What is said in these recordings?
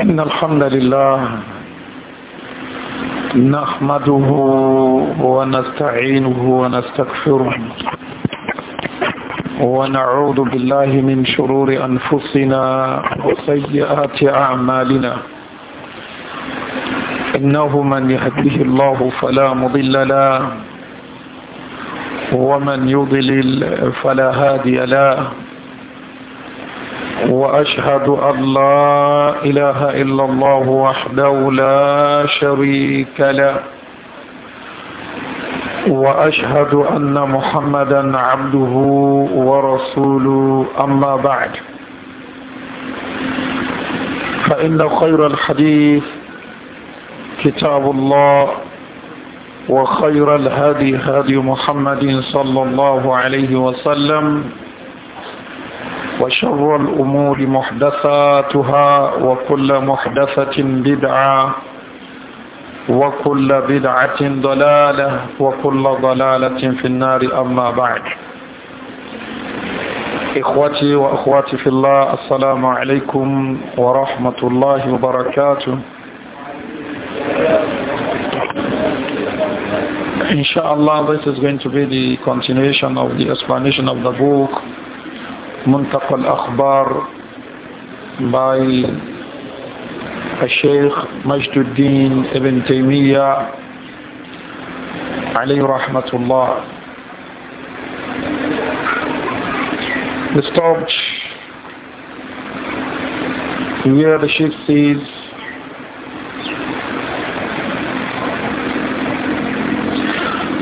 إن الحمد لله نحمده ونستعينه ونستغفره ونعوذ بالله من شرور أنفسنا وسيئات أعمالنا إنه من يهده الله فلا مضل له ومن يضلل فلا هادي له وأشهد أن لا إله إلا الله وحده لا شريك له وأشهد أن محمدا عبده ورسوله أما بعد فإن خير الحديث كتاب الله وخير الهادي هادي محمد صلى الله عليه وسلم وشر الأمور محدثاتها وكل محدثة بدعة وكل بدعة ضلالة وكل ضلالة في النار أما بعد إخوتي وأخواتي في الله السلام عليكم ورحمة الله وبركاته Inshallah, this is going to be the continuation of the explanation of the book منتقى Akbar" by الشيخ مجد الدين Ibn تيمية alayhi rahmatullah. We stopped where the Sheikh says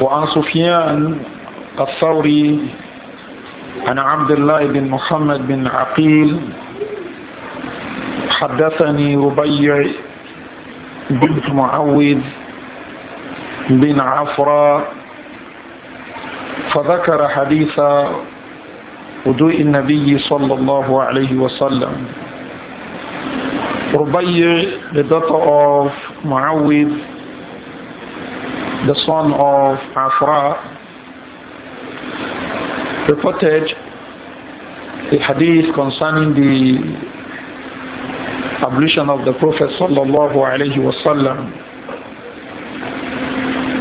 وعن سفيان الثوري عن عبد الله بن محمد بن عقيل حدثني ربيع بنت معوذ بن عفرة فذكر حديث وضوء النبي صلى الله عليه وسلم ربيع the معوذ the son of Afra, reported a hadith concerning the ablution of the Prophet sallallahu alayhi wasallam.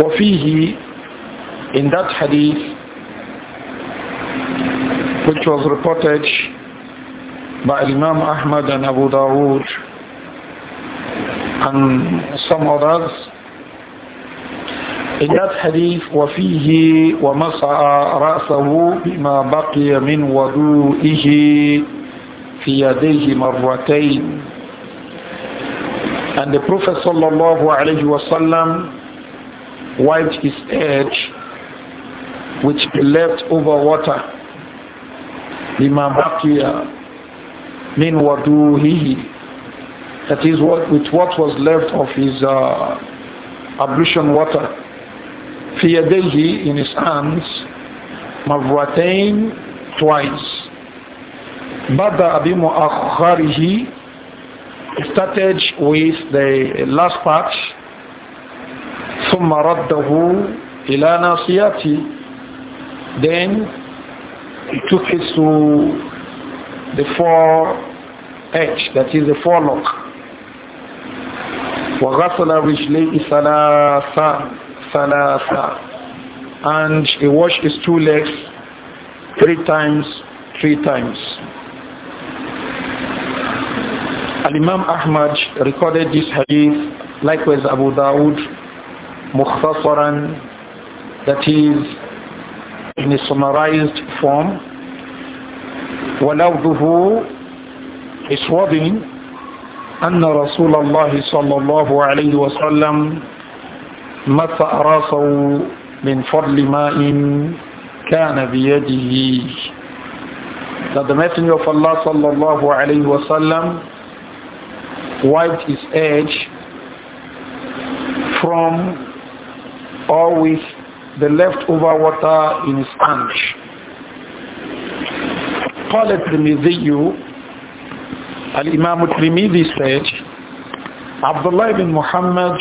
وفيه in that hadith which was reported by Imam Ahmad and Abu Dawood and some others in that hadith, وَفِيهِ وَمَسَعَ رَأْسَهُ بِمَا بَقِيَ مِنْ وَضُوئِهِ فِي يَدَيْهِ مَرَّتَيْنِ And the Prophet sallallahu alayhi wasallam wiped his head left-over water بِمَا بَقِيَ مِنْ وَضُوئِهِ That is what, with what was left of his uh, ablution water في يديه in his hands مرتين twice bada بدأ بمؤخره started with the last part ثم رده إلى ناصيته then he took it to the four edge that is the forelock وغسل رجليه ثلاثا ثلاثة and he washed his two legs three times, three times. Al-Imam Ahmad recorded this hadith, likewise Abu Dawud, Mukhtasaran, that is in a summarized form. ولوضه is wording أن رسول الله صلى الله عليه وسلم مس راسه من فضل إِنْ كان بيده that the messenger of Allah sallallahu alayhi wa sallam wiped his edge from or with the leftover water in his hand. قال الترمذي الإمام الترمذي said Abdullah ibn Muhammad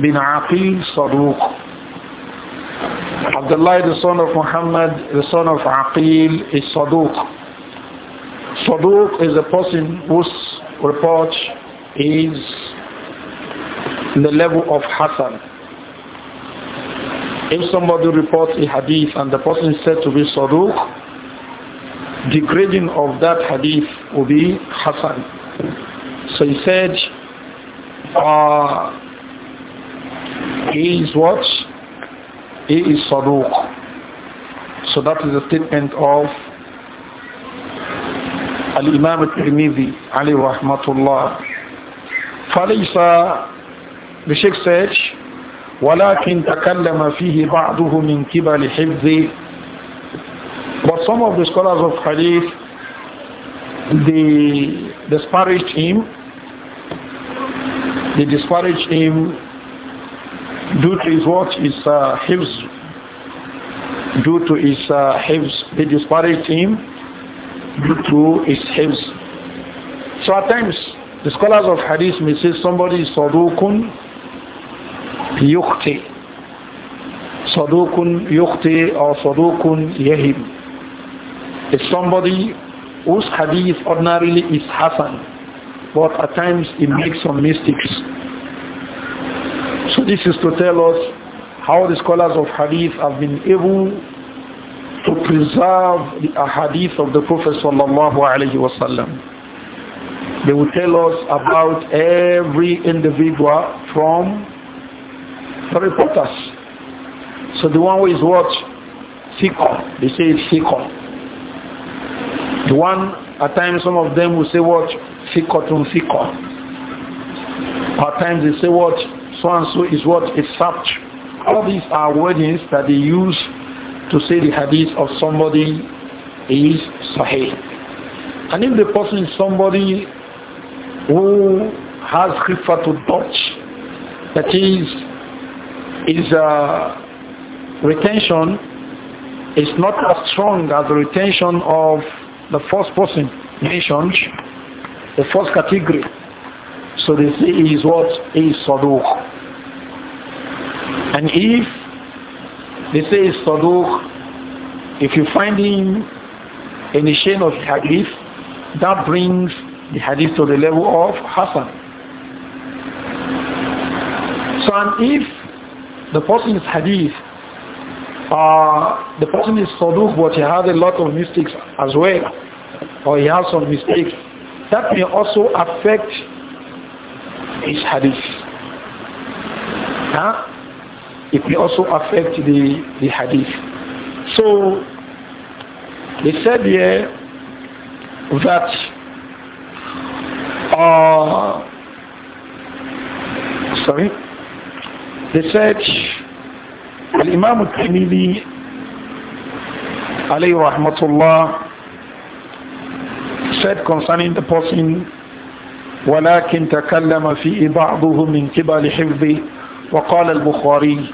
bin Aqil Saduq. Abdullah the son of Muhammad, the son of Aqil is Saduq. Saduq is a person whose report is the level of Hassan. If somebody reports a hadith and the person is said to be Saduq, the grading of that hadith will be Hassan. So he said, uh, he is what? He is Saduq. So that is the statement of الإمام الترمذي عليه Ali الله فليس بشيك said, ولكن تكلم فيه بعضه من قبل حفظه But some of the scholars of hadith they disparaged him they disparaged him due to his what is uh, hibs, due to his uh, hibs, they disparage him due to his hibs. So at times, the scholars of hadith may say somebody is sadukun yukti, sadukun yukti or sadukun yahib. is somebody whose hadith ordinarily is Hassan, but at times he makes some mistakes. This is to tell us how the scholars of hadith have been able to preserve the hadith of the Prophet sallallahu alaihi wasallam. They will tell us about every individual from the reporters. So the one who is what? Sikh. They say it's Sikh. The one, at times some of them will say what? al-Tun Sikot. At times they say what? so and so is what is such. All these are wordings that they use to say the hadith of somebody is sahih. And if the person is somebody who has khifa to touch, that is, is uh, retention is not as strong as the retention of the first person mentioned, the first category. So they say he is what? He is saduq. And if they say it's Saduq, if you find him in the chain of hadith, that brings the hadith to the level of Hassan. So and if the person is hadith, uh, the person is Saduq but he has a lot of mistakes as well, or he has some mistakes, that may also affect his hadith. Huh? it may also affect the, the hadith. So they said here that uh, sorry they said Imam al عليه alayhi rahmatullah, said concerning the person ولكن تكلم في بعضهم من قبل حفظه وقال البخاري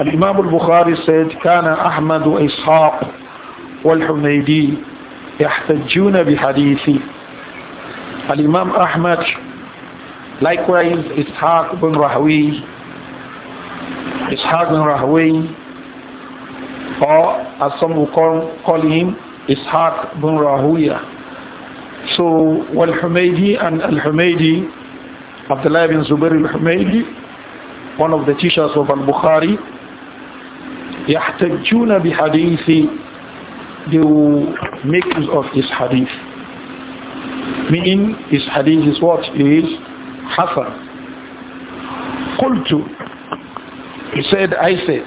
الإمام البخاري said كان أحمد وإسحاق والحميدي يحتجون بحديثي الإمام أحمد likewise إسحاق بن رهوي إسحاق بن رهوي or as some will call, call him Ishaq بن Rahuya so Wal-Humaydi and Al-Humaydi Abdullah bin Zubair Al-Humaydi one of the teachers of Al-Bukhari يحتجون بحديث they will make use of this hadith meaning this hadith is what is حسن قلت he said I said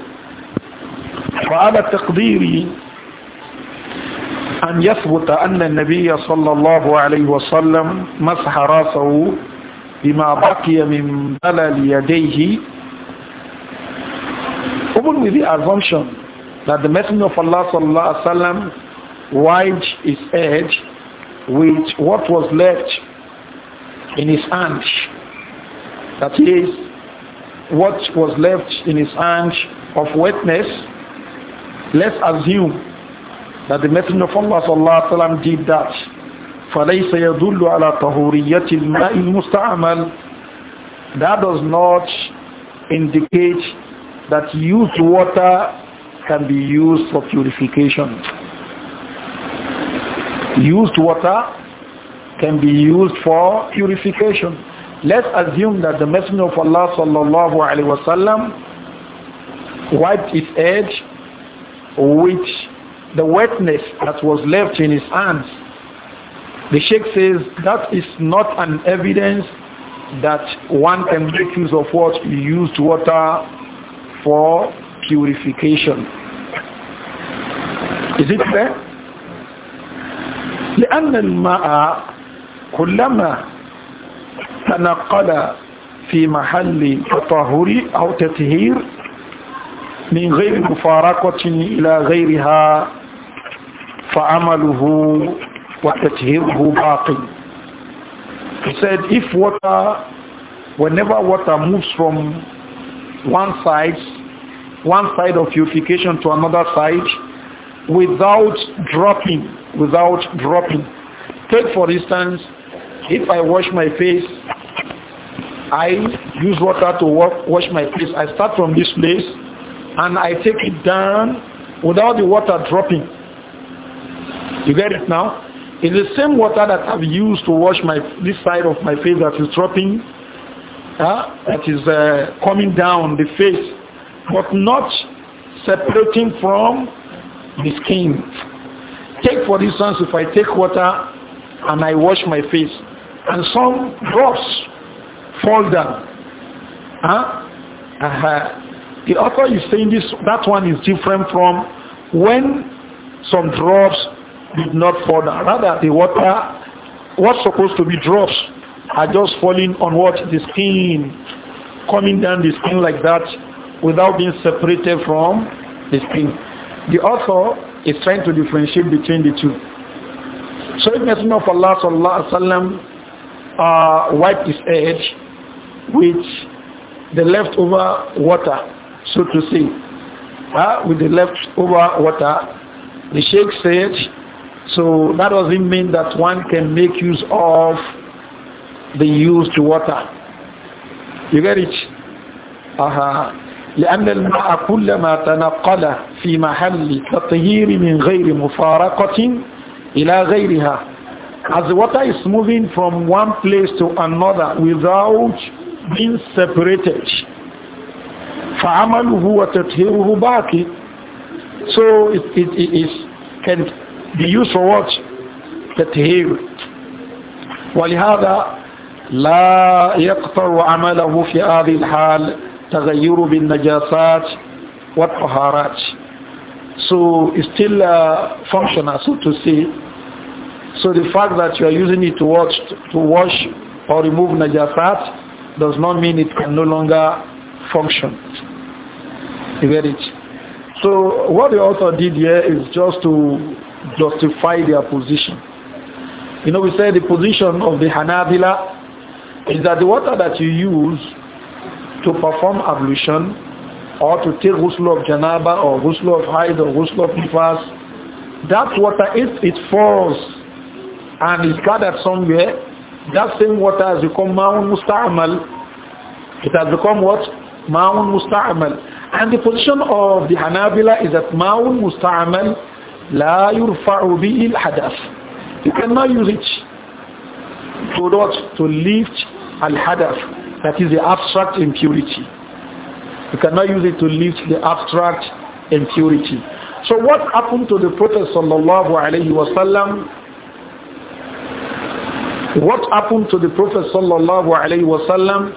وعلى تقديري أن يثبت أن النبي صلى الله عليه وسلم مسح راسه بما بقي من بلل يديه even with the assumption that the Messenger of Allah sallallahu alaihi wasallam wiped his head with what was left in his hand. That is, what was left in his hand of wetness. Let's assume that the Messenger of Allah sallallahu alaihi wasallam did that. فليس يدل على طهورية الماء المستعمل that does not indicate that used water can be used for purification. Used water can be used for purification. Let's assume that the Messenger of Allah sallallahu alaihi wasallam wiped his edge, with the wetness that was left in his hands. The Sheikh says that is not an evidence that one can make use of what used water for purification is it fair لأن الماء كلما تنقل في محل تطهير أو تطهير من غير مفارقة إلى غيرها فعمله وتطهيره باقي He said if water whenever water moves from one side, one side of purification to another side without dropping, without dropping. Take for instance, if I wash my face, I use water to wash my face. I start from this place and I take it down without the water dropping. You get it now? It's the same water that I've used to wash my this side of my face that is dropping huh, that is uh, coming down the face, but not separating from the skin. Take for instance, if I take water and I wash my face, and some drops fall down. Huh? Uh -huh. The author is saying this, that one is different from when some drops did not fall down. Rather, the water was supposed to be drops are just falling on what the skin, coming down the skin like that without being separated from the skin. The author is trying to differentiate between the two. So if Messenger of Allah sallallahu alaihi wasallam uh, wiped his head with the leftover water, so to say, uh, with the leftover water, the Sheikh said, so that doesn't mean that one can make use of they use water. You get it? Uh-huh. لأن الماء كلما تنقل في محل تطهير من غير مفارقة إلى غيرها As the water is moving from one place to another without being separated فعمله وتطهيره باقي So it, it, it is, can be used for what? تطهير ولهذا لا يقطع عمله في هذه الحال تغير بالنجاسات والطهارات so it's still uh, functional so to say so the fact that you are using it to wash to wash or remove najasat does not mean it can no longer function you get it so what the author did here is just to justify their position you know we said the position of the Hanabila is that the water that you use to perform ablution or to take ghusl of janaba or ghusl of haid or ghusl of nifas, that water, if it falls and is gathered somewhere, that same water has become ma'un musta'amal. It has become what? Ma'un musta'amal. And the position of the Hanabila is that ma'un musta'amal la yurfa'u bihi al You cannot use it to what? To lift al-hadath, that is the abstract impurity. You cannot use it to lift the abstract impurity. So what happened to the Prophet sallallahu alaihi wasallam? What happened to the Prophet sallallahu alaihi wasallam?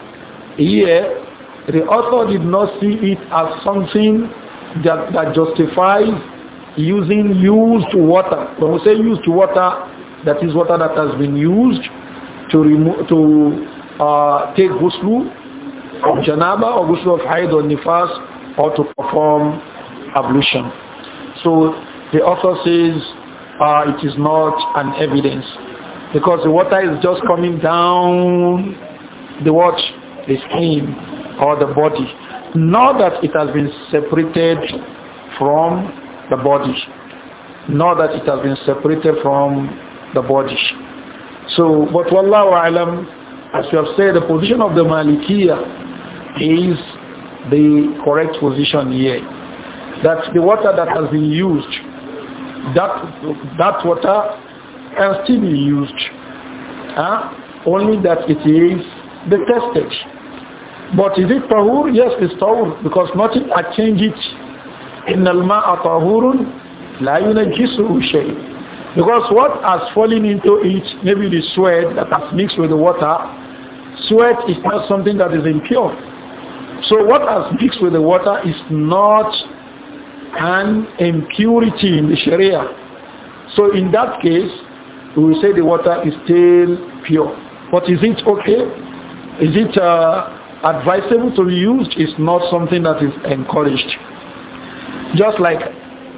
Here, the author did not see it as something that, that justifies using used water. When we say used water, that is water that has been used to remove to uh, take ghusl of janaba or ghusl of haid or nifas or to perform ablution. So the author says uh, it is not an evidence because the water is just coming down the watch, the skin or the body. Not that it has been separated from the body. Not that it has been separated from the body. So, but wallahu alam, as you have said, the position of the Malikiya is the correct position here. That the water that has been used, that, that water can still be used. Huh? Only that it is tested. But is it tahur? Yes, it's tahur because nothing can change it. al الماء طهور la ينجسه شيء because what has fallen into it, maybe the sweat that has mixed with the water, sweat is not something that is impure. So what has mixed with the water is not an impurity in the Sharia. So in that case, we will say the water is still pure. But is it okay? Is it uh, advisable to be used? It's not something that is encouraged. Just like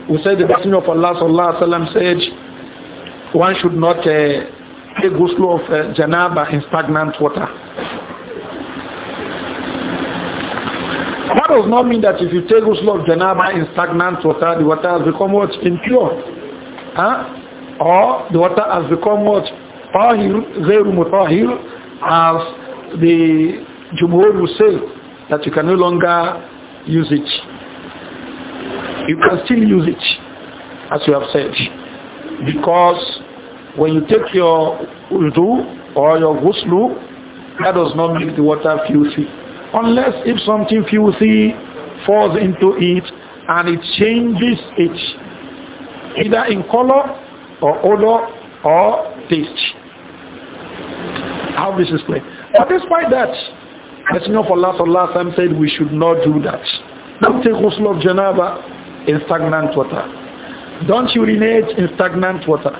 we said the Messenger of Allah sallallahu alaihi wasallam said, one should not uh, take ghusl of uh, janaba in stagnant water. That does not mean that if you take ghusl of janaba in stagnant water, the water has become what? Impure. Huh? Or the water has become what? Tahir, Zeru Mutahir, as the Jumhur will say, that you can no longer use it. You can still use it, as you have said, because when you take your wudu or your ghusl, that does not make the water filthy. Unless if something filthy falls into it and it changes it, either in color or odor or taste. How this is played. But despite that, Messenger of Allah last time, said we should not do that. Don't take ghusl of janaba in stagnant water. Don't urinate in stagnant water.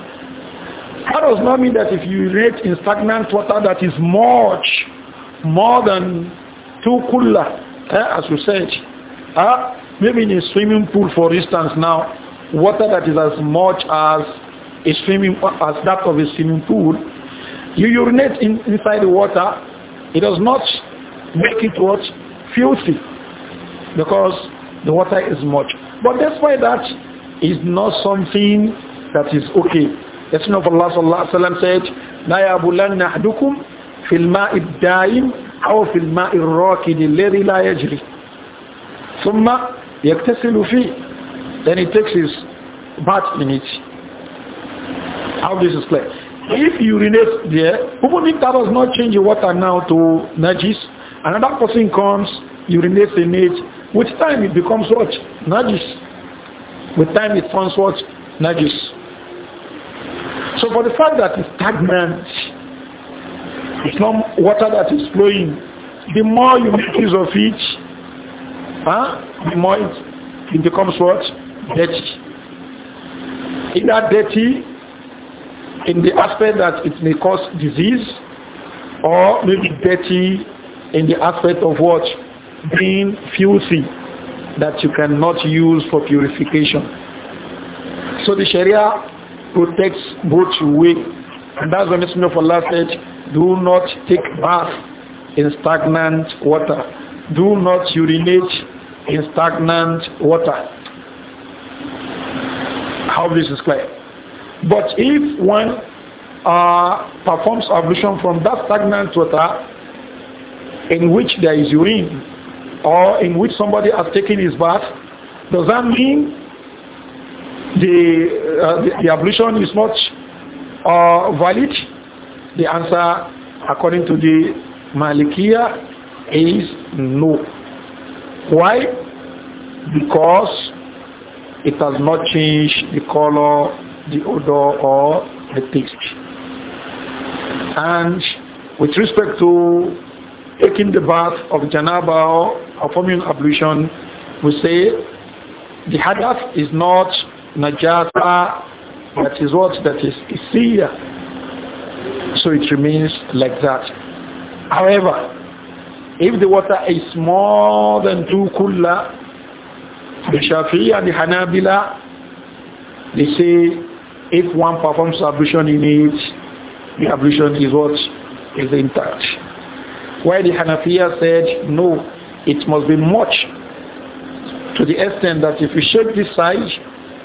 That does not mean that if you urinate in stagnant water that is much more than two kulla, eh, as you said. Ah, maybe in a swimming pool, for instance, now, water that is as much as a swimming as that of a swimming pool, you urinate in, inside the water, it does not make it what filthy because the water is much. But that's why that is not something that is okay. The Messenger of Allah sallallahu alaihi wasallam said, "لا يبلن أحدكم في الماء الدائم أو في الماء الراكد الذي لا يجري ثم يغتسل فيه." Then he takes his bath in it. How this is clear. If you urinate there, even if that does not change the water now to najis, another person comes, urinates in it, with time it becomes what? Najis. With time it turns what? Najis. So for the fact that it's stagnant, it's not water that is flowing, the more you make use of it, huh, the more it, it becomes what? Dirty. In that dirty, in the aspect that it may cause disease, or maybe dirty in the aspect of what? Being filthy that you cannot use for purification. So the Sharia protects both your way. And that's the Messenger of Allah said, do not take bath in stagnant water. Do not urinate in stagnant water. How this is clear. But if one uh, performs ablution from that stagnant water in which there is urine or in which somebody has taken his bath, does that mean the, uh, the, the, ablution is not uh, valid? The answer, according to the Malikiya, is no. Why? Because it has not changed the color, the odor, or the taste. And with respect to taking the bath of janaba or performing ablution, we say the hadith is not najasa, that is what? That is isiya. So it remains like that. However, if the water is more than two kulla, the Shafi'i and the Hanabila, they say if one performs ablution in it, the ablution is what is intact. Why the Hanafiya said, no, it must be much to the extent that if you shake this side,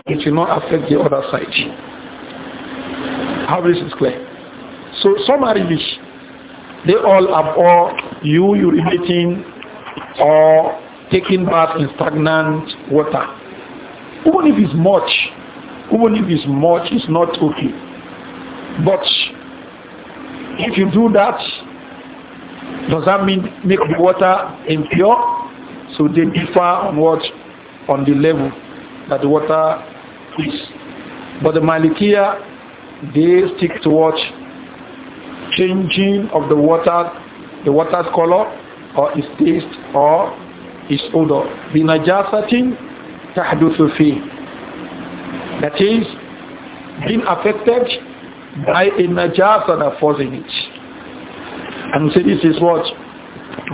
it will not affect the other side. How is this is clear. So summarily, they all are all you urinating or taking bath in stagnant water. Even if it's much, even if it's much, it's not okay. But if you do that, does that mean make the water impure? So they differ on what? On the level that the water this. But the Malikiya, they stick to watch changing of the water, the water's color, or its taste, or its odor. بِنَجَاسَةٍ تَحْدُثُ فِيهِ That is, being affected by a najasa that falls in it. And so this is what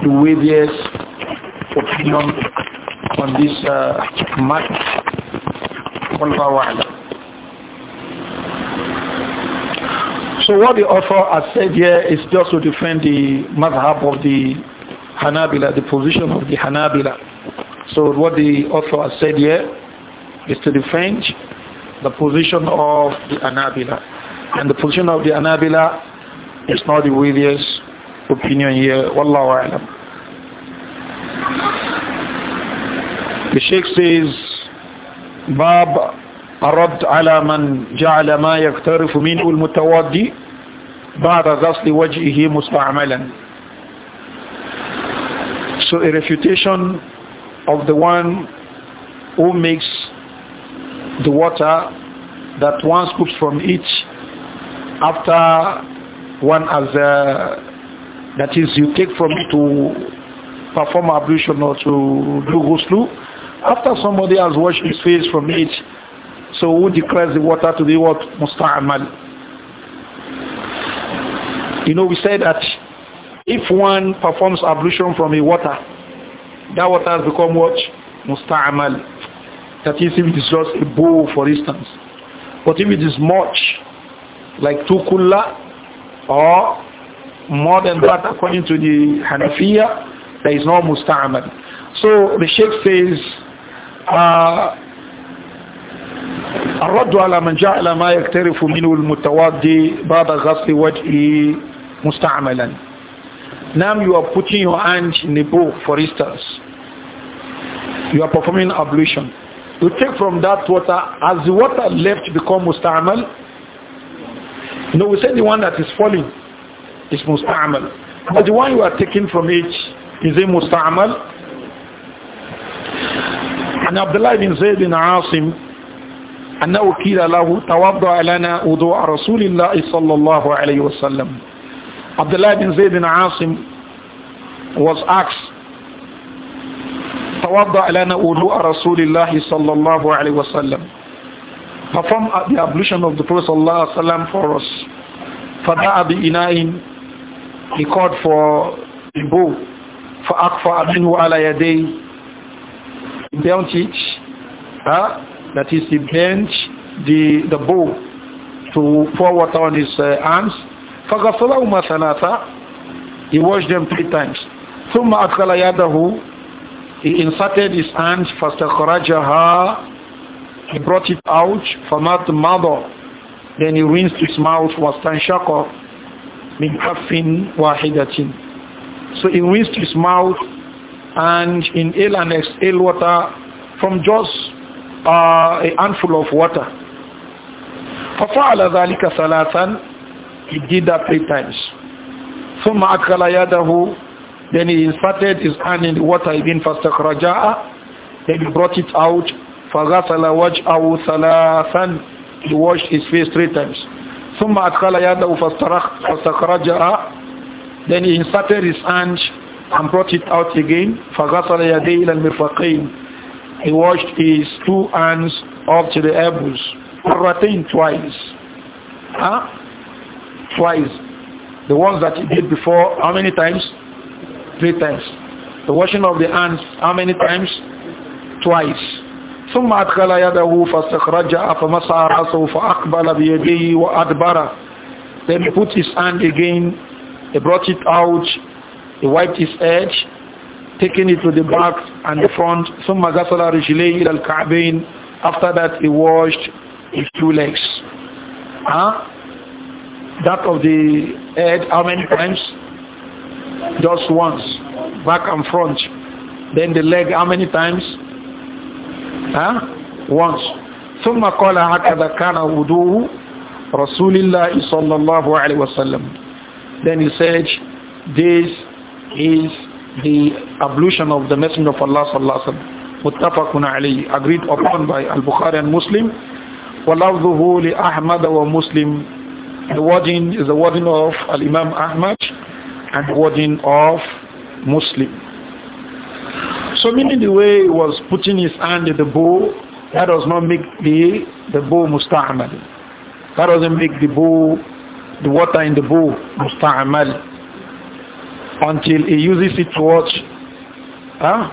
the weightiest opinion on this uh, matter. So what the author has said here is just to defend the madhab of the Hanabila, the position of the Hanabila. So what the author has said here is to defend the position of the Hanabila. And the position of the Hanabila is not the weirdest opinion here. Wallahu a'lam. The Sheikh says, باب الرد على من جعل ما يقترف منه المتوضي بعد غسل وجهه مستعملا So a refutation of the one who makes the water that one scoops from each after one has uh, that is you take from it to perform ablution or to do ghusl after somebody has washed his face from it, so who declares the water to be what? Musta'amal. You know, we said that if one performs ablution from a water, that water has become what? Musta'amal. That is if it is just a bowl, for instance. But if it is much, like tukulla, or more than that according to the Hanafiya, there is no musta'amal. So the Sheikh says, uh, الرد على من جعل ما منه بعد غسل وجهه مستعملا Now you are putting your hand in the bowl, for instance. You are performing ablution. You take from that water. as the water left become musta'amal? You know, we say the one that is falling is musta'amal. But the one you are taking from it, is a musta'amal? عن عبد الله بن زيد بن عاصم أنه قيل له توضأ لنا وضوء رسول الله صلى الله عليه وسلم عبد الله بن زيد بن عاصم was asked توضأ لنا وضوء رسول الله صلى الله عليه وسلم perform the ablution of the Prophet صلى الله عليه وسلم for us فدعا بإناء he called for the bow فأقفأ منه على يديه bent it, huh? that is he bent the, the bow to pour water on his uh, arms. فَغَفَلَهُمَا ثَلَاثًا He washed them three times. ثُمَّ أَدْخَلَ يَدَهُ He inserted his hands فَاسْتَخْرَجَهَا He brought it out the mother. Then he rinsed his mouth وَاسْتَنْشَقَ مِنْ كَفٍ وَاحِدَةٍ So he rinsed his mouth and in and exhale water from just uh, a handful of water. فَفَعَلَ ذَلِكَ ثَلَاثًا He did that three times. ثُمَّ أَكَلَ يَدَهُ Then he inserted his hand in the water again فَاسْتَخْرَجَاءَ Then he brought it out. فَغَسَلَ وَجْهَهُ ثَلَاثًا He washed his face three times. ثُمَّ أَكَلَ يَدَهُ فَاسْتَخْرَجَاءَ Then he inserted his hand and brought it out again. فَغَسَلَ يَدَيْهِ إِلَى الْمِرْفَقَيْنِ He washed his two hands up to the elbows. مرتين twice. Huh? Twice. The ones that he did before, how many times? Three times. The washing of the hands, how many times? Twice. ثم أدخل يده رأسه فأقبل بيديه وأدبره Then he put his hand again, he brought it out he wiped his head, taking it to the back and the front. ثم غسل رجليه إلى الكعبين. After that, he washed his two legs. Huh? That of the head, how many times? Just once, back and front. Then the leg, how many times? Huh? Once. ثم قال هكذا كان وضوء رسول الله صلى الله عليه وسلم. Then he said, this is the ablution of the Messenger of Allah sallallahu wa wasallam. Muttafaqun alayhi, agreed upon by Al-Bukhari and Muslim. وَلَفْظُهُ لِأَحْمَدَ وَمُسْلِمٍ The wording is the wording of Al-Imam Ahmad and the wording of Muslim. So meaning the way he was putting his hand in the bow, that does not make the, the bow musta'amal. That doesn't make the bow, the water in the bow musta'amal until he uses it to watch, huh?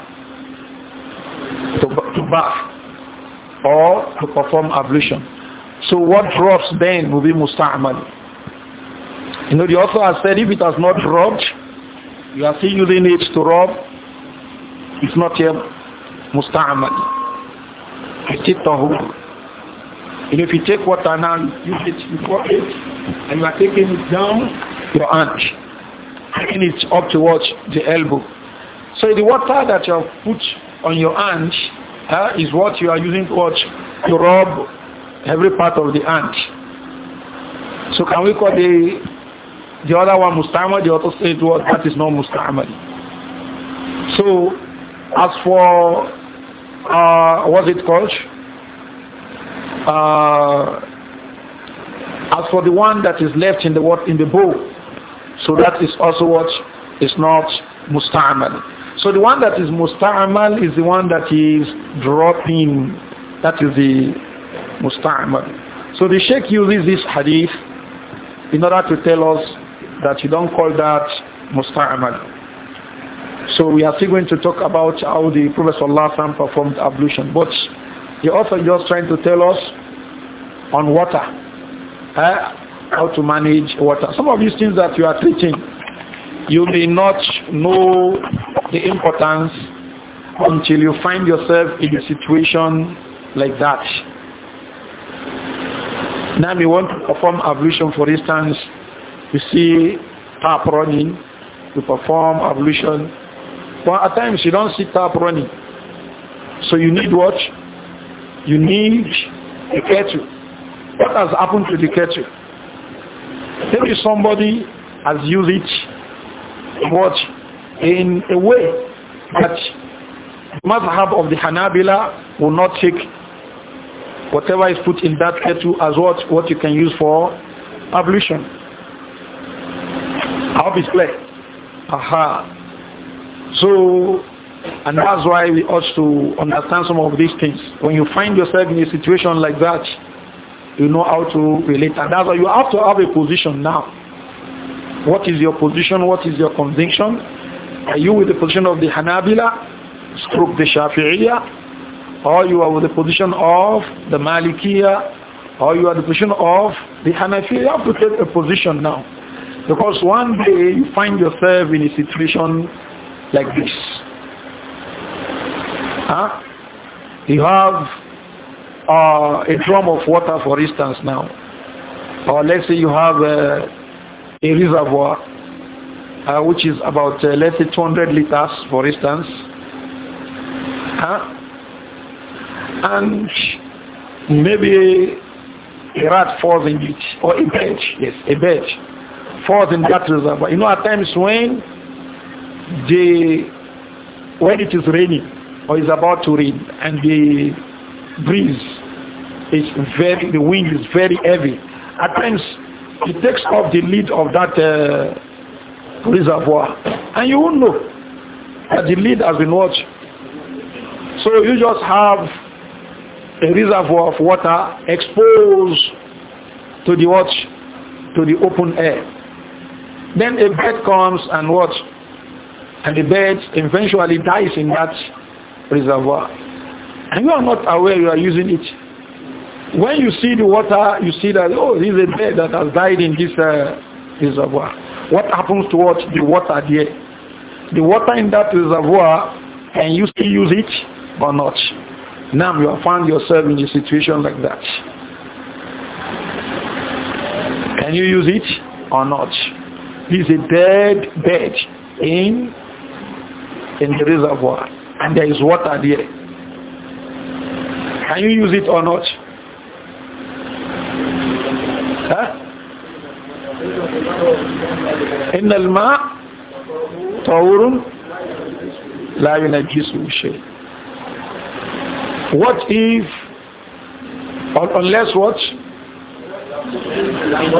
to, to bath or to perform ablution. So what drops then will be musta'mal. You know, the author has said if it has not dropped, you are still using it to rub, it's not yet musta'mal. It's tahur. And if you take water now, you use it, before it, and you are taking it down your aunt taking it up towards the elbow. So the water that you have put on your hand uh, is what you are using to, watch, to rub every part of the hand. So can we call the the other one musta'mal? The other said what that is not musta'mal. So as for uh, what's it called? Uh, as for the one that is left in the in the bowl, so that is also what is not musta'amal. So the one that is musta'amal is the one that is dropping. That is the musta'amal. So the sheikh uses this hadith in order to tell us that you don't call that musta'amal. So we are still going to talk about how the Prophet ﷺ performed ablution. But he also just trying to tell us on water. Uh, how to manage water. Some of these things that you are teaching, you may not know the importance until you find yourself in a situation like that. Now we want to perform ablution, for instance, you see tap running, you perform ablution, but at times you don't see tap running. So you need what? You need a kettle. What has happened to the kettle? Maybe somebody has used it, but in a way that most madhab of the Hanabila will not take whatever is put in that kettle as what, what you can use for ablution. I hope it's clear. Aha. So, and that's why we ought to understand some of these things. When you find yourself in a situation like that, you know how to relate. And that's why you have to have a position now. What is your position? What is your conviction? Are you with the position of the Hanabila, stroke the Shafi'iyya, or you are with the position of the Malikiyya, or you are the position of the Hanafi? You have to take a position now. Because one day you find yourself in a situation like this. Huh? You have uh, a drum of water, for instance, now, or let's say you have uh, a reservoir uh, which is about, uh, let's say, 200 liters, for instance, huh? and maybe a rat falls in it, or a bird, yes, a bird falls in that reservoir. You know, at times when the when it is raining or is about to rain and the breeze is very, the wind is very heavy. At times, it takes off the lid of that uh, reservoir. And you won't know that the lid has been watched. So you just have a reservoir of water exposed to the watch, to the open air. Then a bird comes and watch, And the bird eventually dies in that reservoir. And you are not aware you are using it. When you see the water, you see that, oh, is a bed that has died in this uh, reservoir. What happens to what? The water there? The water in that reservoir, can you still use it or not? Now you have found yourself in a situation like that. Can you use it or not? There's is a dead bed in in the reservoir and there is water there. Can you use it or not? ها إن الماء طهور لا ينجسه شيء what if unless what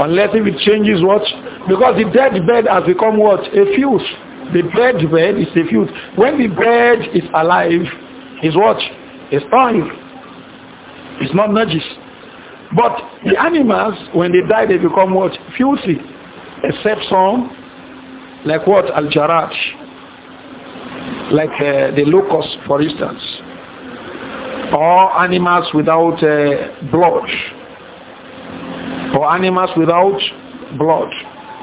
unless if it changes what because the dead bed has become what a fuse the dead bed is a fuse when the bed is alive is what is fine it's not najis But the animals, when they die, they become what? Filthy. Except some, like what? Al-Jaraj. Like uh, the locust, for instance. Or animals without uh, blood. Or animals without blood.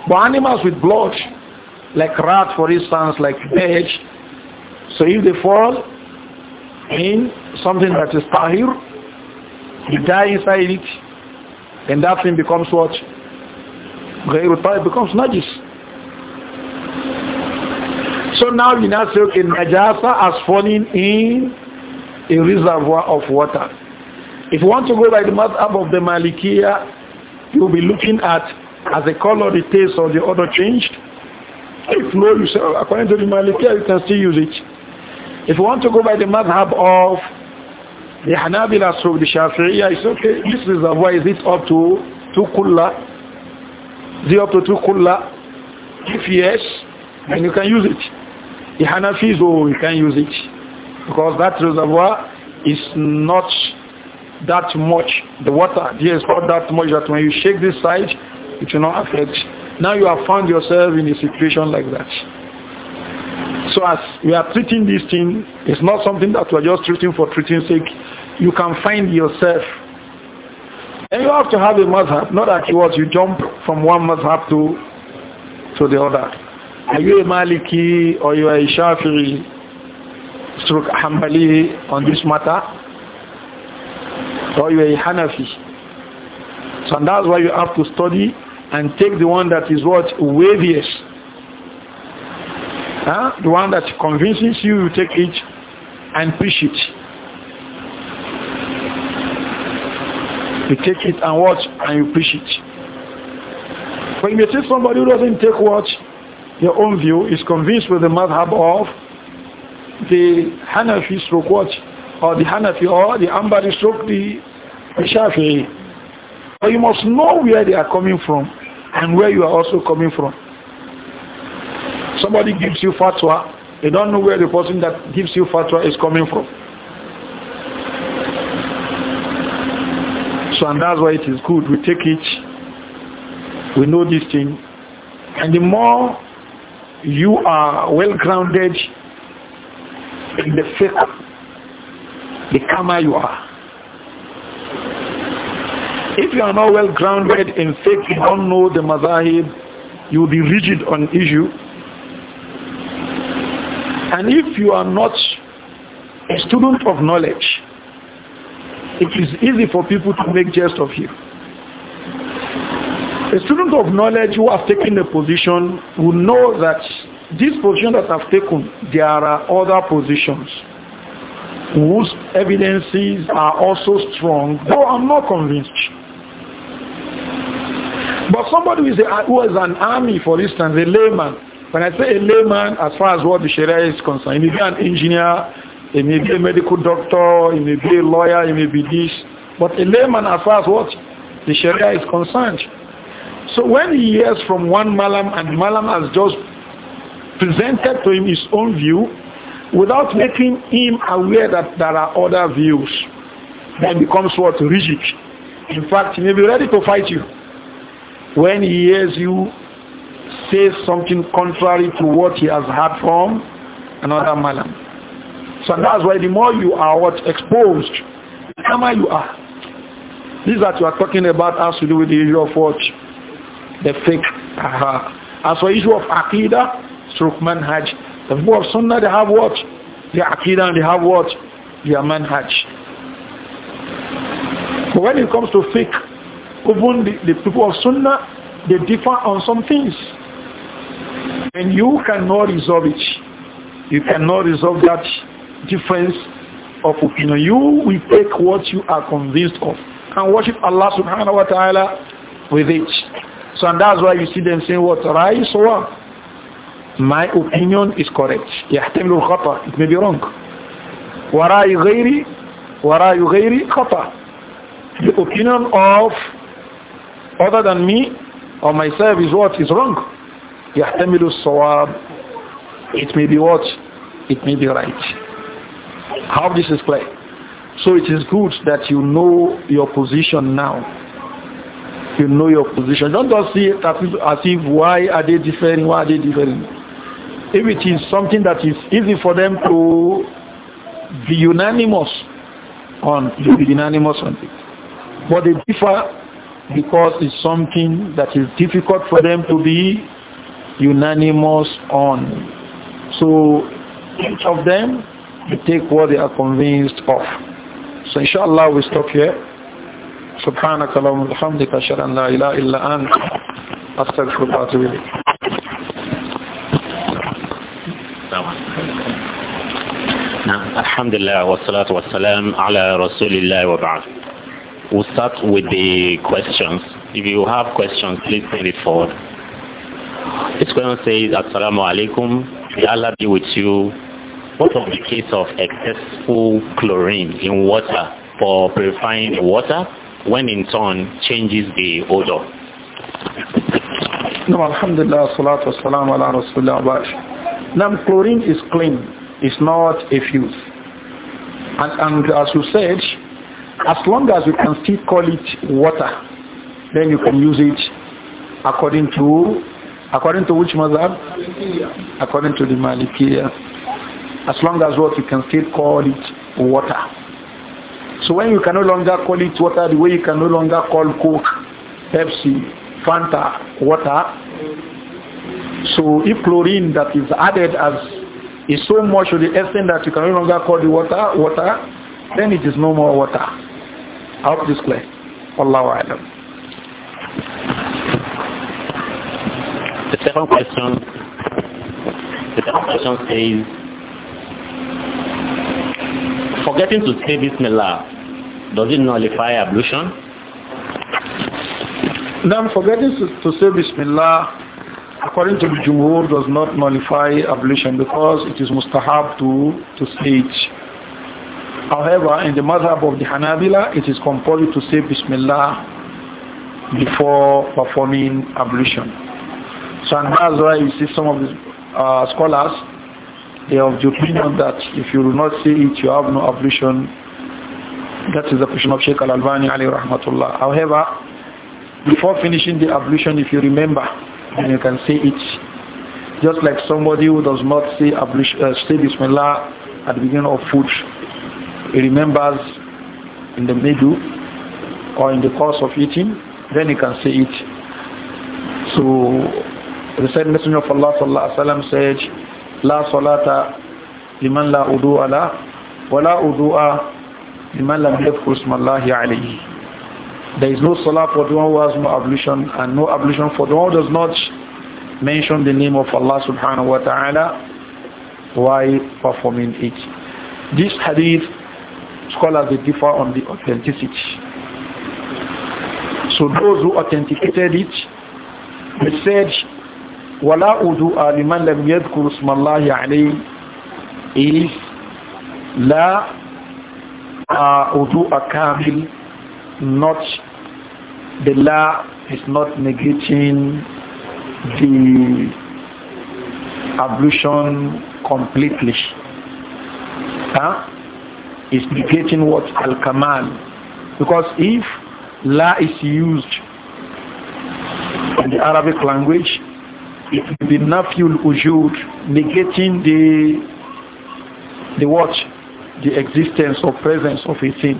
But animals with blood, like rat, for instance, like pig, so if they fall in something that is tahir, you die inside it and that thing becomes what? It becomes najis. So now you now say, okay, najasa has fallen in a reservoir of water. If you want to go by the madhab of the Malikiya, you'll be looking at as the color, the taste, or the odor changed. If no, you say, according to the Malikiya, you can still use it. If you want to go by the madhab of the Hanabila so the Shafi'iyah it's okay. This reservoir is it up to two kulla? Is it up to two kulla? If yes, then you can use it. The Hanafis, oh, you can use it. Because that reservoir is not that much. The water there is not that much that when you shake this side, it will not affect. Now you have found yourself in a situation like that. So as we are treating this thing, it's not something that we are just treating for treating sake you can find yourself. And you have to have a mazhab, not that you what you jump from one mazhab to to the other. Are you a Maliki or you are a Shafi'i, stroke Hanbali on this matter? Or you are a Hanafi? So that's why you have to study and take the one that is what waviest. Huh? The one that convinces you, you take it and preach it. You take it and watch and you preach it. But you see somebody who doesn't take watch, your own view is convinced with the madhab of the Hanafi stroke watch, Or the Hanafi or the Ambari stroke the Shafi'i. But you must know where they are coming from and where you are also coming from. Somebody gives you fatwa, they don't know where the person that gives you fatwa is coming from. So and that's why it is good. We take it. We know this thing. And the more you are well grounded in the faith, the calmer you are. If you are not well grounded in faith, you don't know the mazahib, you will be rigid on issue. And if you are not a student of knowledge, it is easy for people to make jest of you. A student of knowledge who has taken a position will know that this position that I've taken, there are other positions whose evidences are also strong, though I'm not convinced. But somebody who is, a, an army, for instance, a layman, when I say a layman, as far as what the Sharia is concerned, if you're an engineer, he may be a medical doctor, he may be a lawyer, he may be this. But a layman as far as what the Sharia is concerned. So when he hears from one Malam and Malam has just presented to him his own view, without making him aware that there are other views, then becomes what? Rigid. In fact, he may be ready to fight you. When he hears you say something contrary to what he has heard from another Malam. So that's why the more you are what exposed, the more you are. These that you are talking about has to do with the issue of what? The fake. Uh, as for issue of akida, stroke manhaj. The people of Sunnah, they have what? The akida, and they have what? Their manhaj. But when it comes to fake, even the, the people of Sunnah, they differ on some things. And you cannot resolve it. You cannot resolve that difference of opinion. You will take what you are convinced of and worship Allah subhanahu wa ta'ala with it. So and that's why you see them saying what? Rai Sawa. My opinion is correct. يحتمل It may be wrong. ورأي غيري ورأي غيري خطأ. The opinion of other than me or myself is what is wrong. يحتمل It may be what? It may be right. How this is clear. So it is good that you know your position now. You know your position. Don't just see it as if, why are they different, why are they different. If it is something that is easy for them to be unanimous on, be unanimous on it. But they differ because it's something that is difficult for them to be unanimous on. So each of them take what they are convinced of. So inshallah we stop here. سبحانك اللهم وبحمدك اشهد ان لا اله الا انت استغفرك واتوب اليك الحمد لله والصلاة والسلام على رسول الله وبعد We'll start with the questions. If you have questions, please send it forward. It's going to say, Assalamu alaikum. May Allah be with you. What of the case of excessive chlorine in water for purifying the water when in turn changes the odor? No, alhamdulillah, salatu wassalamu ala rasulullah Now chlorine is clean, it's not a fuse. And, and as you said, as long as you can still call it water, then you can use it according to according to which mazhab? According to the Malikiya as long as what you can still call it water. So when you can no longer call it water the way you can no longer call Coke, Pepsi, Fanta water, so if chlorine that is added as is so much of the extent that you can no longer call the water water, then it is no more water. I hope this clear. Allahu Alam. The second question the second question says forgetting to say Bismillah, does it nullify ablution? No, forgetting to say Bismillah, according to the Jumhur, does not nullify ablution because it is mustahab to, to say it. However, in the madhab of the Hanabila, it is compulsory to say Bismillah before performing ablution. So and that's why you see some of the uh, scholars they are of the opinion that if you do not see it, you have no ablution. That is the position of Sheikh Al-Albani alayhi rahmatullah. However, before finishing the ablution, if you remember, then you can see it. Just like somebody who does not say, ablution, uh, say Bismillah at the beginning of food, he remembers in the middle or in the course of eating, then he can say it. So the said Messenger of Allah sallallahu alaihi wasallam said, لا صلاة لمن لا أدوء له ولا أدوء لمن لم يذكر اسم الله عليه There is no salah for the one who has no ablution and no ablution for the one who does not mention the name of Allah subhanahu wa ta'ala while performing it. This hadith, scholars they differ on the authenticity. So those who authenticated it, they said وَلَا أُدُوءَ لِمَنْ لَمْ يَذْكُرُ اسْمَ اللَّهِ عَلَيْهِ is لا أُدُوءَ كَامِل not the la is not negating the ablution completely. Huh? is negating what? Al-Kamal. Because if la is used in the Arabic language, it will be ujud, negating the the what, the existence or presence of a thing.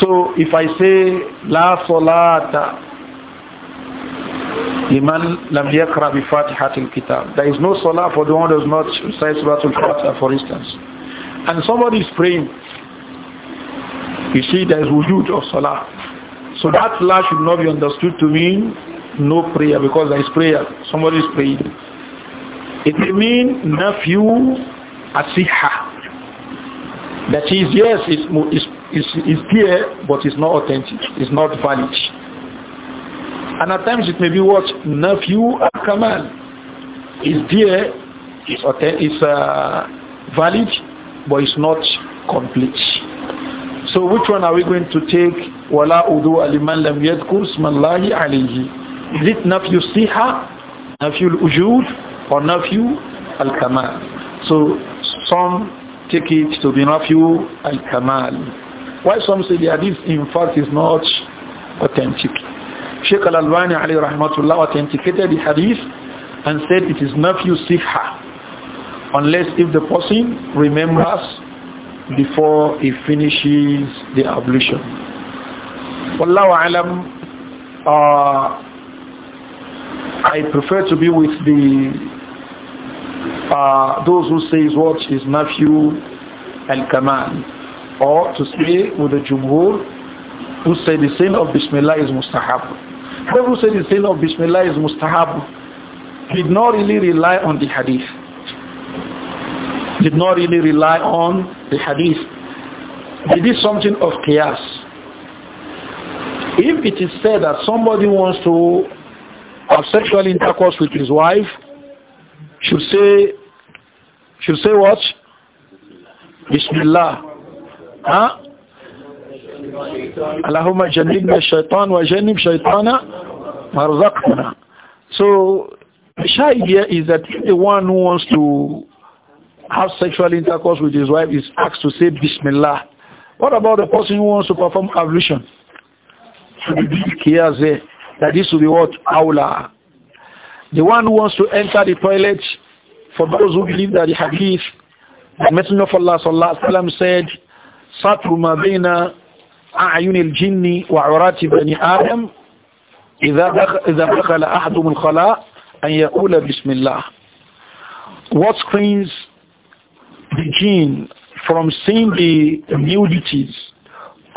So if I say la salata liman lam yakra bi fatihatil kitab, there is no salah for the one who does not recite Surah al for instance. And somebody is praying. You see, there is wujud of salah. So that la should not be understood to mean no prayer because there is prayer. Somebody is praying. It may mean nephew asiha. That is, yes, it's, it's, it's, it's there, but it's not authentic. It's not valid. And at times it may be what? Nephew akamal. It's there, it's, authentic, it's uh, valid, but it's not complete. So which one are we going to take? وَلَا أُدُوَ لِمَنْ لَمْ يَذْكُرْ اسْمَ اللَّهِ عَلَيْهِ is it nafyu siha, nafyu al-ujud, or nafyu al-kamal? So some take it to be nafyu al-kamal. Why some say the hadith in fact is not authentic. Sheikh Al-Albani Ali Rahmatullah authenticated the hadith and said it is nafyu siha unless if the person remembers before he finishes the ablution. Wallahu alam uh, I prefer to be with the uh, those who say what is Matthew al-Kamal or to stay with the Jumhur who say the sin of Bismillah is mustahab. Whoever who say the sin of Bismillah is mustahab did not really rely on the hadith. Did not really rely on the hadith. They did something of chaos. If it is said that somebody wants to of sexual intercourse with his wife should say should say what? Bismillah. Huh? Allahumma shaitan wa jannib shaitana marzaqna. So the idea is that the one who wants to have sexual intercourse with his wife is asked to say Bismillah. What about the person who wants to perform ablution? that this will be what? Aula. The one who wants to enter the toilet, for those who believe that the hadith, the Messenger of Allah sallallahu alaihi wasallam said, "Satru ma a'yun al jinni wa 'urati bani Adam, idha dakhala ahadum al-khala' an yaqula bismillah." What screens the jinn from seeing the nudities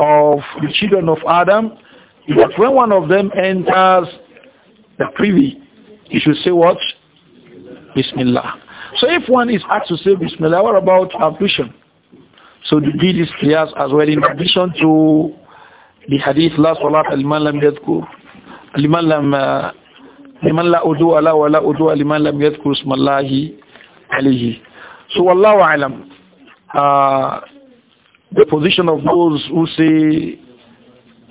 of the children of Adam but when one of them enters the privy, he should say what? Bismillah. So if one is asked to say Bismillah, what about ablution? So the deed is clear as well in addition to the hadith La Salat Al-Man Lam Yadkur Al-Man Lam uh, Liman La Udu Ala Wa La Udu al Lam Yadkur Smallahi Alihi So Wallahu Alam uh, the position of those who say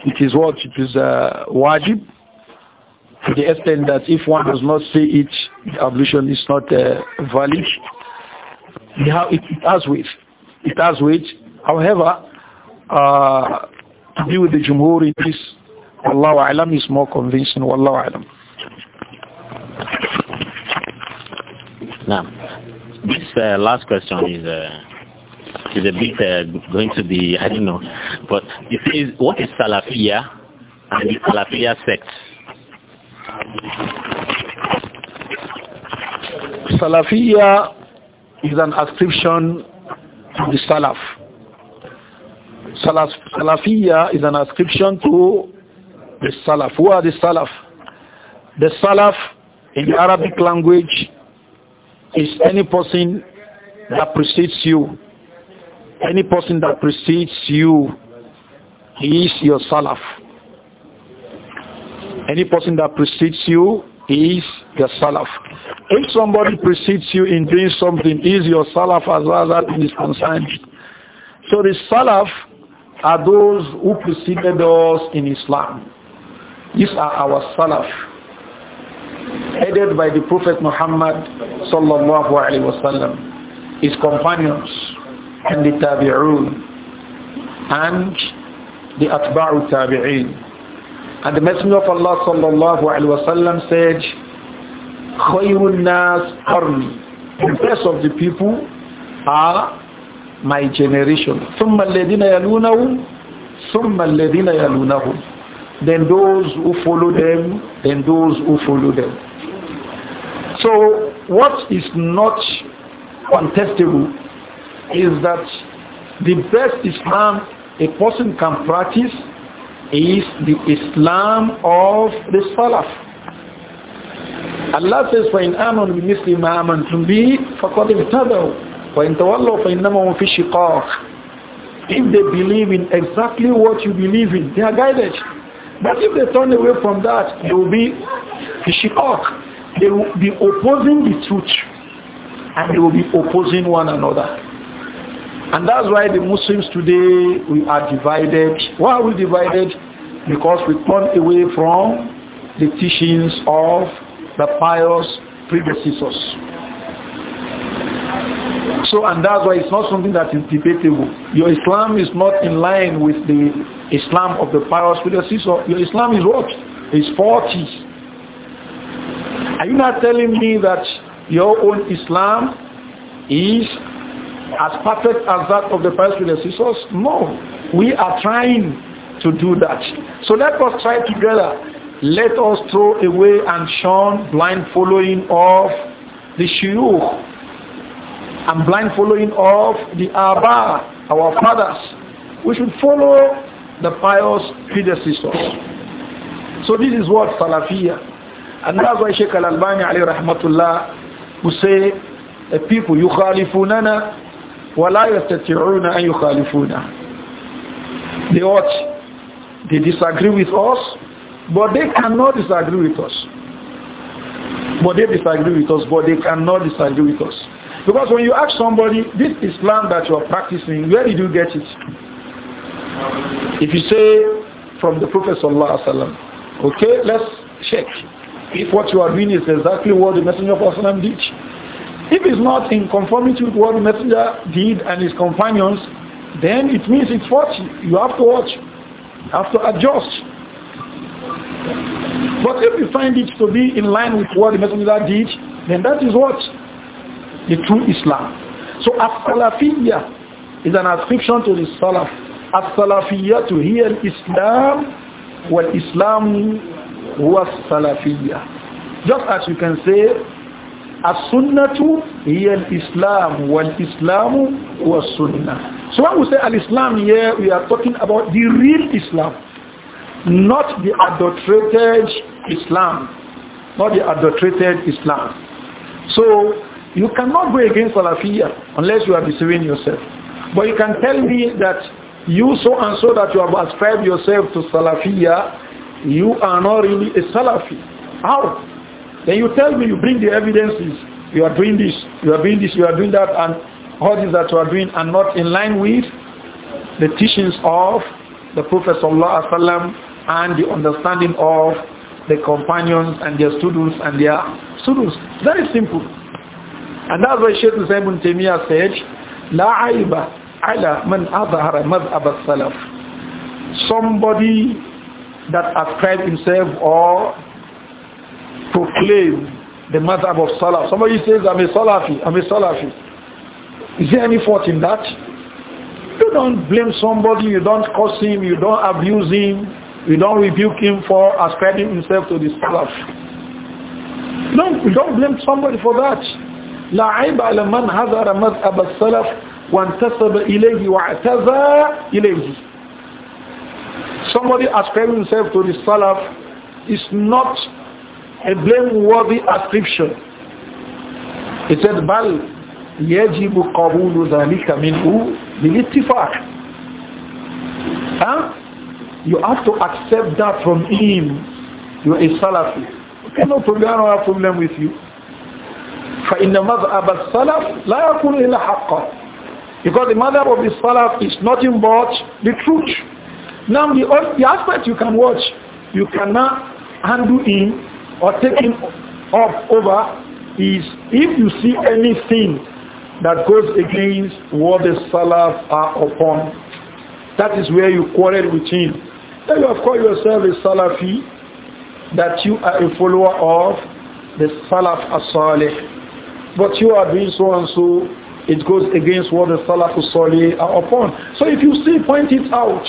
it is what? It is uh, wajib to the extent that if one does not say it, the ablution is not uh, valid. It, has weight. It has weight. However, uh, to with the Jumhur in this, Wallahu Alam is more convincing. Wallahu Alam. Now, this uh, last question is... Uh is a bit uh, going to be, I don't know. But it is, what is Salafia and the Salafia sect? Salafia is an ascription to the Salaf. Salaf. Salafia is an ascription to the Salaf. Who are the Salaf? The Salaf in the Arabic language is any person that precedes you any person that precedes you, he is your salaf. Any person that precedes you, he is your salaf. If somebody precedes you in doing something, he is your salaf as well as that is concerned. So the salaf are those who preceded us in Islam. These are our salaf, headed by the Prophet Muhammad sallallahu alaihi wasallam, his companions, and the Tabi'un and the Atba'u Tabi'in. And the Messenger of Allah sallallahu wa sallam said, Khayrun Nas Qarni, the best of the people are my generation. ثم الذين يلونهم ثم الذين يلونهم then those who follow them, then those who follow them. So what is not contestable is that the best Islam a person can practice is the Islam of the Salaf. Allah says, فَإِنْ آمَنُوا بِمِثْلِ مَا آمَنْتُمْ بِهِ in اِبْتَدَوْا وَإِنْ تَوَلَّوْا فَإِنَّمَا fi shiqaq." If they believe in exactly what you believe in, they are guided. But if they turn away from that, they will be shiqaq. They will be opposing the truth. And they will be opposing one another. And that's why the Muslims today, we are divided. Why are we divided? Because we turn away from the teachings of the pious predecessors. So, and that's why it's not something that is debatable. Your Islam is not in line with the Islam of the pious predecessors. Your Islam is what? It's 40s. Are you not telling me that your own Islam is as perfect as that of the past predecessors? No. We are trying to do that. So let us try together. Let us throw away and shun blind following of the shiur and blind following of the Abba, our fathers. We should follow the pious predecessors. So this is what Salafiyah. And that's why Sheikh Al-Albani alayhi rahmatullah who say, the people, يُخَالِفُونَنَا Wala يَسْتَتِعُونَ أَنْ يُخَالِفُونَ They ought, they disagree with us, but they cannot disagree with us. But they disagree with us, but they cannot disagree with us. Because when you ask somebody, this Islam that you are practicing, where did you get it? If you say from the Prophet Sallallahu okay, let's check if what you are doing is exactly what the Messenger of Islam did. If it's not in conformity with what the messenger did and his companions, then it means it's faulty. You have to watch. You have to adjust. But if you find it to be in line with what the messenger did, then that is what? The true Islam. So As-Salafiyya is an ascription to the Salaf. As-Salafiyya to hear Islam, well Islam was Salafiyya. Just as you can say as-sunnatu hiya al-islam wal-islamu huwa sunnah. So when we say al-islam here, we are talking about the real Islam, not the adulterated Islam, not the adulterated Islam. So you cannot go against Salafiyah unless you are deceiving yourself. But you can tell me that you so and so that you have ascribed yourself to Salafiyah, you are not really a Salafi. How? Then you tell me, you bring the evidences, you are doing this, you are doing this, you are doing that, and all these that you are doing are not in line with the teachings of the Prophet ﷺ and the understanding of the companions and their students and their students. Very simple. And that's why Sheikh Hussain ibn Taymiyyah said, La aiba ala man azhara madhab salaf Somebody that ascribes himself or proclaim the matter of Salaf. Somebody says, I'm a Salafi, I'm a Salafi. Is there any fault in that? You don't blame somebody, you don't curse him, you don't abuse him, you don't rebuke him for ascribing himself to the Salaf. No, you don't blame somebody for that. لا على من هذر مذهب السلف وانتسب إليه واعتذى إليه. Somebody ascribing himself to the Salaf is not a blameworthy ascription. He said, Bal yajibu qabulu dhalika minhu bilittifaq. Huh? You have to accept that from him. You are a Salafi. Okay, no problem, I don't have problem with you. فإن مذهب السلف لا يكون إلا حقا because the mother of the Salaf is nothing but the truth. Now the, the aspect you can watch, you cannot handle him or taking up over is if you see anything that goes against what the Salaf are upon, that is where you quarrel with him. Then you have called yourself a Salafi, that you are a follower of the Salaf as-Salih. But you are doing so and so, it goes against what the Salaf as-Salih are upon. So if you see, point it out.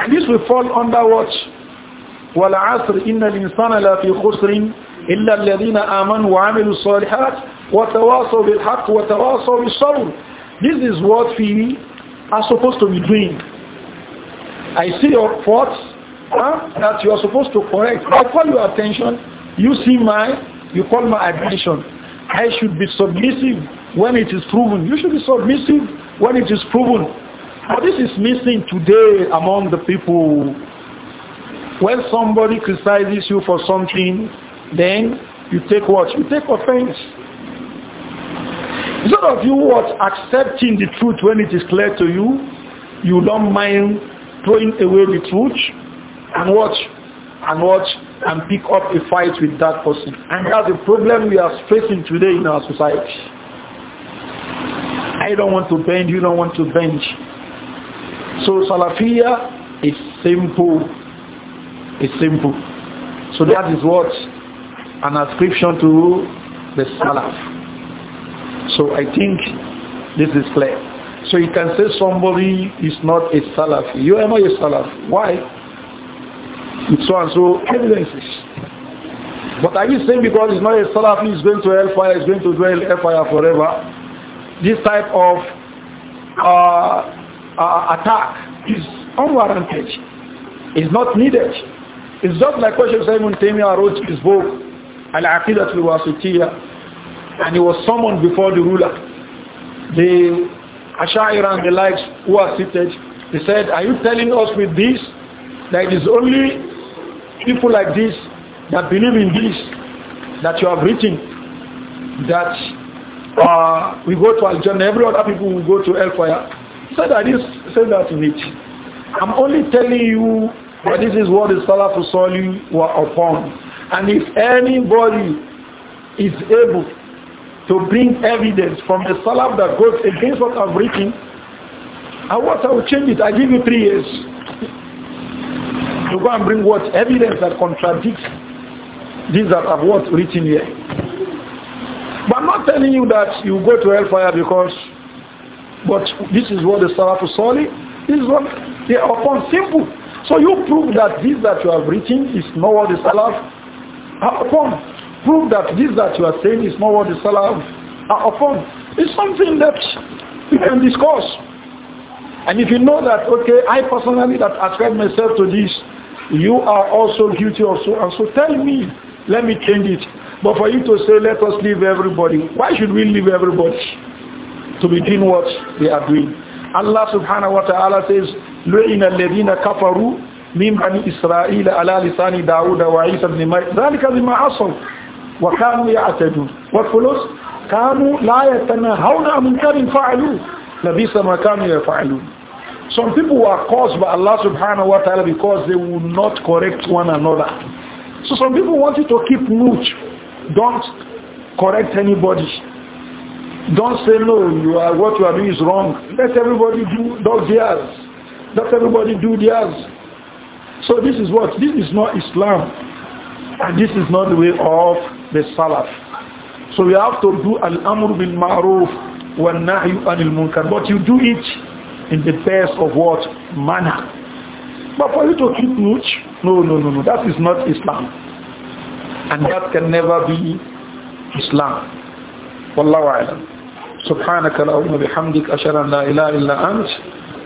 And this will fall under what? والعصر إن الإنسان لا في خسر إلا الذين آمنوا وعملوا الصالحات وتواصوا بالحق وتواصوا بالصبر This is what we are supposed to be doing. I see your faults huh, that you are supposed to correct. I call your attention. You see my, you call my attention. I should be submissive when it is proven. You should be submissive when it is proven. But this is missing today among the people when somebody criticizes you for something, then you take what? You take offense. Instead of you what accepting the truth when it is clear to you, you don't mind throwing away the truth and watch and watch and pick up a fight with that person. And that's the problem we are facing today in our society. I don't want to bend, you don't want to bend. So Salafia is simple. It's simple. So that is what an ascription to the Salaf. So I think this is clear. So you can say somebody is not a Salafi. You are not a Salaf. Why? so and so evidences. But are you saying because it's not a Salafi, it's going to hellfire, it's going to dwell hellfire forever? This type of uh, uh, attack is unwarranted. It's not needed. It's just like what Sheikh Simon Taymiyyah wrote his book, Al-Aqidat al-Wasitiyah, and he was summoned before the ruler. The Ashaira and the likes who are seated, he said, are you telling us with this that it is only people like this that believe in this that you have written that uh, we go to Al-Jannah, every other people will go to hellfire. He said, I didn't say that to me. I'm only telling you but this is what the Salafus Salih were upon. And if anybody is able to bring evidence from the Salaf that goes against what I've written, I what I will change it. I give you three years. To go and bring what? Evidence that contradicts these that I've what written here. But I'm not telling you that you go to hellfire because, but this is what the Salafus Salih, this is what they are upon. Simple. So you prove that this that you have written is not what the Salaf are upon. Prove that this that you are saying is not what the Salaf are upon. It's something that you can discuss. And if you know that, okay, I personally that ascribe myself to this, you are also guilty of so and so. Tell me, let me change it. But for you to say, let us leave everybody, why should we leave everybody to be doing what they are doing? Allah subhanahu wa ta'ala says, لعن الذين كفروا من بني إسرائيل على لسان داود وعيسى بن مريم ذلك بما عصوا وكانوا يعتدون والفلوس كانوا لا يتناهون عن منكر فعلوه لبئس ما كانوا يفعلون Some people were caused by Allah subhanahu wa ta'ala because they will not correct one another. So some people wanted to keep mute. Don't correct anybody. Don't say no, you are, what you are doing is wrong. Let everybody do dog's ears. Not everybody do theirs. So this is what? This is not Islam. And this is not the way of the Salaf. So we have to do al-amr bil ma'ruf wa nahyu anil munkar. But you do it in the best of what? Manner. But for you to keep mooch, no, no, no, no. That is not Islam. And that can never be Islam. Wallahu a'lam. سبحانك اللهم بحمدك أشهد أن لا إله إلا أنت